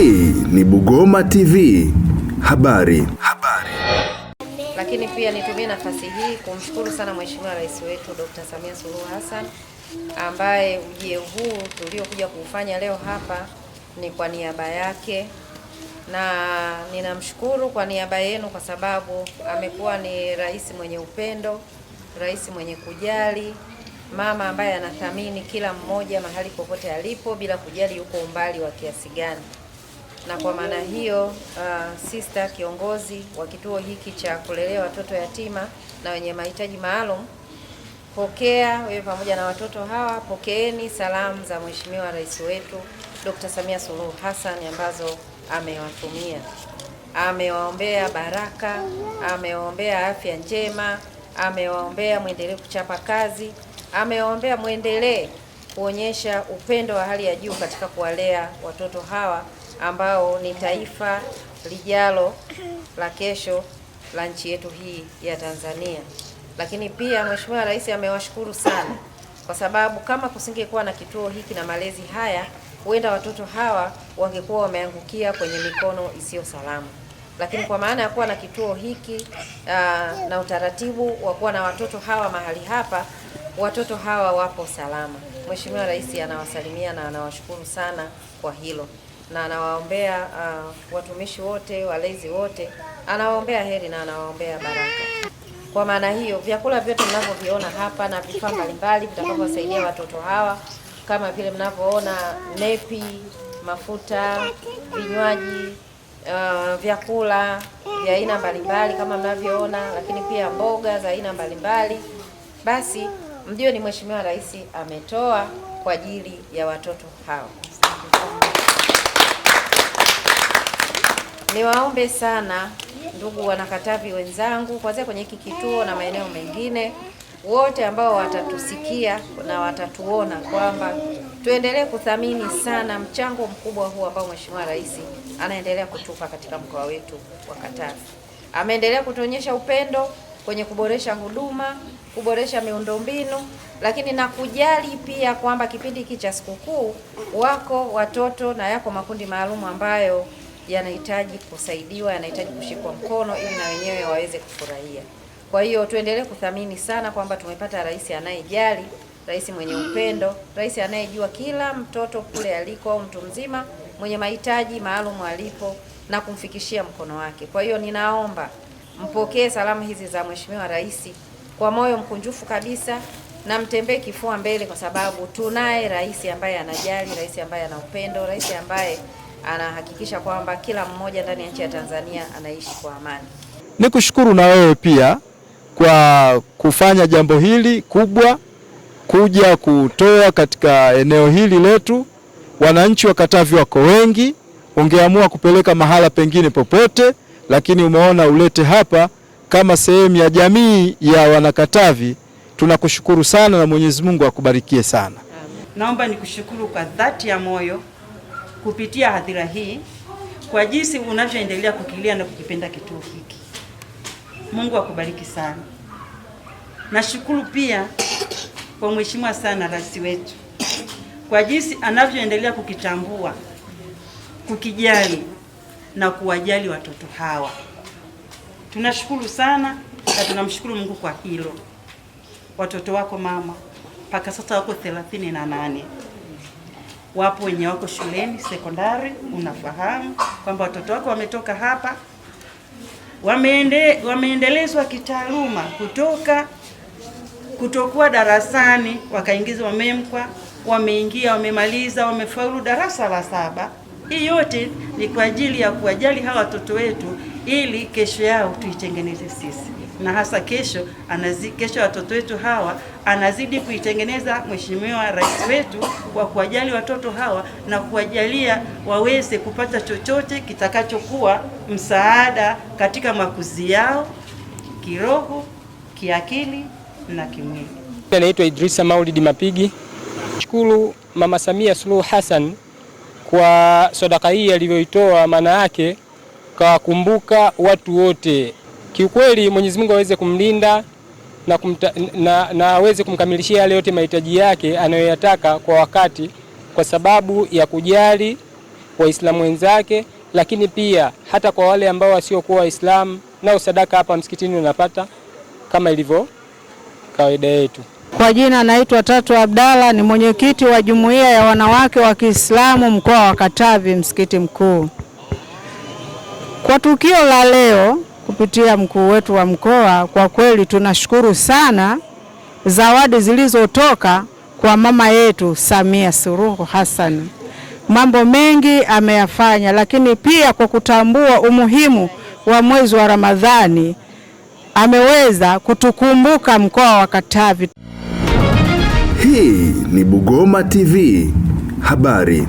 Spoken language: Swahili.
Hii ni Bugoma TV. Habari. Habari. Lakini pia nitumie nafasi hii kumshukuru sana Mheshimiwa Rais wetu Dr. Samia Suluhu Hassan ambaye ujio huu tuliokuja kuufanya leo hapa ni kwa niaba yake na ninamshukuru kwa niaba yenu kwa sababu amekuwa ni rais mwenye upendo, rais mwenye kujali, mama ambaye anathamini kila mmoja mahali popote alipo bila kujali yuko umbali wa kiasi gani na kwa maana hiyo uh, sister kiongozi wa kituo hiki cha kulelea watoto yatima na wenye mahitaji maalum, pokea wewe pamoja na watoto hawa, pokeeni salamu za Mheshimiwa Rais wetu Dr. Samia Suluhu Hassan ambazo amewatumia. Amewaombea baraka, amewaombea afya njema, amewaombea mwendelee kuchapa kazi, amewaombea mwendelee kuonyesha upendo wa hali ya juu katika kuwalea watoto hawa ambao ni taifa lijalo la kesho la nchi yetu hii ya Tanzania. Lakini pia Mheshimiwa Rais amewashukuru sana kwa sababu kama kusingekuwa na kituo hiki na malezi haya, huenda watoto hawa wangekuwa wameangukia kwenye mikono isiyo salama. Lakini kwa maana ya kuwa na kituo hiki aa, ah, na utaratibu wa kuwa na watoto hawa mahali hapa, watoto hawa wapo salama. Mheshimiwa Rais anawasalimia na anawashukuru sana kwa hilo na anawaombea uh, watumishi wote, walezi wote, anawaombea heri na anawaombea baraka. Kwa maana hiyo, vyakula vyote mnavyoviona hapa na vifaa mbalimbali vitakavyosaidia watoto hawa kama vile mnavyoona nepi, mafuta, vinywaji, uh, vyakula vya aina mbalimbali kama mnavyoona, lakini pia mboga za aina mbalimbali. Basi mjue ni Mheshimiwa Rais ametoa kwa ajili ya watoto hawa Niwaombe sana ndugu wanakatavi wenzangu, kwanzia kwenye hiki kituo na maeneo mengine, wote ambao watatusikia na watatuona kwamba tuendelee kuthamini sana mchango mkubwa huu ambao Mheshimiwa Rais anaendelea kutupa katika mkoa wetu wa Katavi. Ameendelea kutuonyesha upendo kwenye kuboresha huduma, kuboresha miundombinu, lakini na kujali pia kwamba kipindi hiki cha sikukuu wako watoto na yako makundi maalum ambayo yanahitaji kusaidiwa, yanahitaji kushikwa mkono ili na wenyewe waweze kufurahia. Kwa hiyo tuendelee kuthamini sana kwamba tumepata rais anayejali, rais mwenye upendo, rais anayejua kila mtoto kule aliko au mtu mzima mwenye mahitaji maalum alipo na kumfikishia mkono wake. Kwa hiyo ninaomba mpokee salamu hizi za Mheshimiwa Rais kwa moyo mkunjufu kabisa na mtembee kifua mbele, kwa sababu tunaye rais ambaye anajali, rais ambaye ana upendo, rais ambaye anahakikisha kwamba kila mmoja ndani ya nchi ya Tanzania anaishi kwa amani. Nikushukuru na wewe pia kwa kufanya jambo hili kubwa, kuja kutoa katika eneo hili letu. Wananchi wa Katavi wako wengi, ungeamua kupeleka mahala pengine popote, lakini umeona ulete hapa kama sehemu ya jamii ya Wanakatavi. Tunakushukuru sana na Mwenyezi Mungu akubarikie sana. Naomba nikushukuru kwa dhati ya moyo kupitia hadhira hii kwa jinsi unavyoendelea kukilia na kukipenda kituo hiki. Mungu akubariki sana. Nashukuru pia kwa mheshimiwa sana rais wetu kwa jinsi anavyoendelea kukitambua, kukijali na kuwajali watoto hawa. Tunashukuru sana na tunamshukuru Mungu kwa hilo. Watoto wako mama mpaka sasa wako thelathini na nane wapo wenye wako shuleni sekondari. Unafahamu kwamba watoto wako wametoka hapa wameende, wameendelezwa kitaaluma kutoka kutokuwa darasani wakaingiza wamemkwa, wameingia, wamemaliza, wamefaulu darasa la saba. Hii yote ni kwa ajili ya kuwajali hawa watoto wetu, ili kesho yao tuitengeneze sisi na hasa kesho anazi, kesho watoto wetu hawa anazidi kuitengeneza Mheshimiwa Rais wetu kwa kuwajali watoto hawa na kuwajalia waweze kupata chochote kitakachokuwa msaada katika makuzi yao kiroho, kiakili na kimwili. Naitwa Idrisa Maulid Mapigi. Shukuru Mama Samia Suluhu Hassan kwa sadaka hii aliyoitoa, maana yake kawakumbuka watu wote Kiukweli Mwenyezi Mungu aweze kumlinda na, kumta, na, na aweze kumkamilishia yale yote mahitaji yake anayoyataka kwa wakati, kwa sababu ya kujali Waislamu wenzake, lakini pia hata kwa wale ambao wasiokuwa Waislamu nao sadaka hapa msikitini unapata kama ilivyo kawaida yetu. Kwa jina naitwa Tatu Abdalla, ni mwenyekiti wa jumuiya ya wanawake wa Kiislamu mkoa wa Katavi, msikiti mkuu. Kwa tukio la leo kupitia mkuu wetu wa mkoa. Kwa kweli tunashukuru sana zawadi zilizotoka kwa mama yetu Samia Suluhu Hassan. Mambo mengi ameyafanya, lakini pia kwa kutambua umuhimu wa mwezi wa Ramadhani ameweza kutukumbuka mkoa wa Katavi. Hii ni Bugoma TV habari.